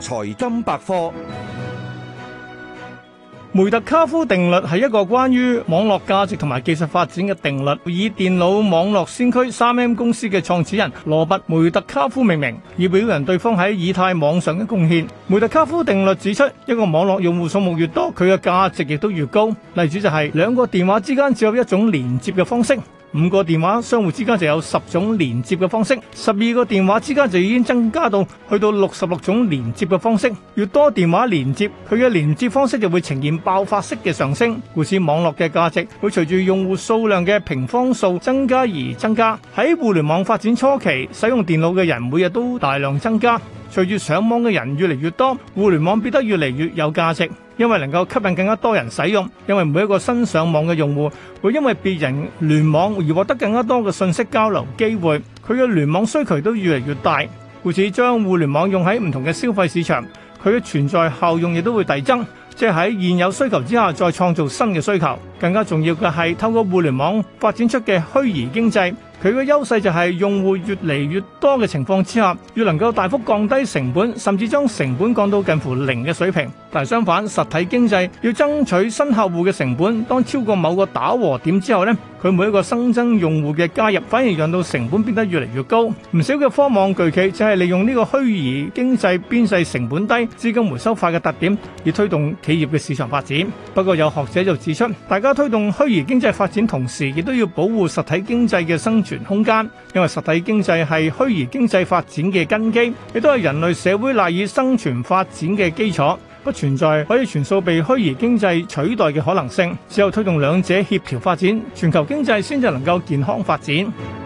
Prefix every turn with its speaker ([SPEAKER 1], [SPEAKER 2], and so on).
[SPEAKER 1] 財金百科，梅特卡夫定律係一個關於網絡價值同埋技術發展嘅定律，以電腦網絡先驅 3Com 公司嘅創始人羅拔梅特卡夫命名，以表揚對方喺以太網上嘅貢獻。梅特卡夫定律指出，一個網絡用戶數目越多，佢嘅價值亦都越高。例子就係、是、兩個電話之間只有一種連接嘅方式。五個電話相互之間就有十種連接嘅方式，十二個電話之間就已經增加到去到六十六種連接嘅方式。越多電話連接，佢嘅連接方式就會呈現爆發式嘅上升。故此，網絡嘅價值會隨住用戶數量嘅平方數增加而增加。喺互聯網發展初期，使用電腦嘅人每日都大量增加。隨住上網嘅人越嚟越多，互聯網變得越嚟越有價值，因為能夠吸引更加多人使用。因為每一個新上網嘅用戶，會因為別人聯網而獲得更加多嘅信息交流機會，佢嘅聯網需求都越嚟越大。故此，將互聯網用喺唔同嘅消費市場，佢嘅存在效用亦都會遞增，即係喺現有需求之下再創造新嘅需求。更加重要嘅係，透過互聯網發展出嘅虛擬經濟。佢嘅優勢就係用戶越嚟越多嘅情況之下，越能夠大幅降低成本，甚至將成本降到近乎零嘅水平。但係相反，實體經濟要爭取新客戶嘅成本，當超過某個打和點之後呢。佢每一個新增用戶嘅加入，反而讓到成本變得越嚟越高。唔少嘅科網巨企就係利用呢個虛擬經濟邊際成本低、資金回收快嘅特點，以推動企業嘅市場發展。不過有學者就指出，大家推動虛擬經濟發展同時，亦都要保護實體經濟嘅生存空間，因為實體經濟係虛擬經濟發展嘅根基，亦都係人類社會賴以生存發展嘅基礎。不存在可以全數被虛擬經濟取代嘅可能性，只有推動兩者協調發展，全球經濟先至能夠健康發展。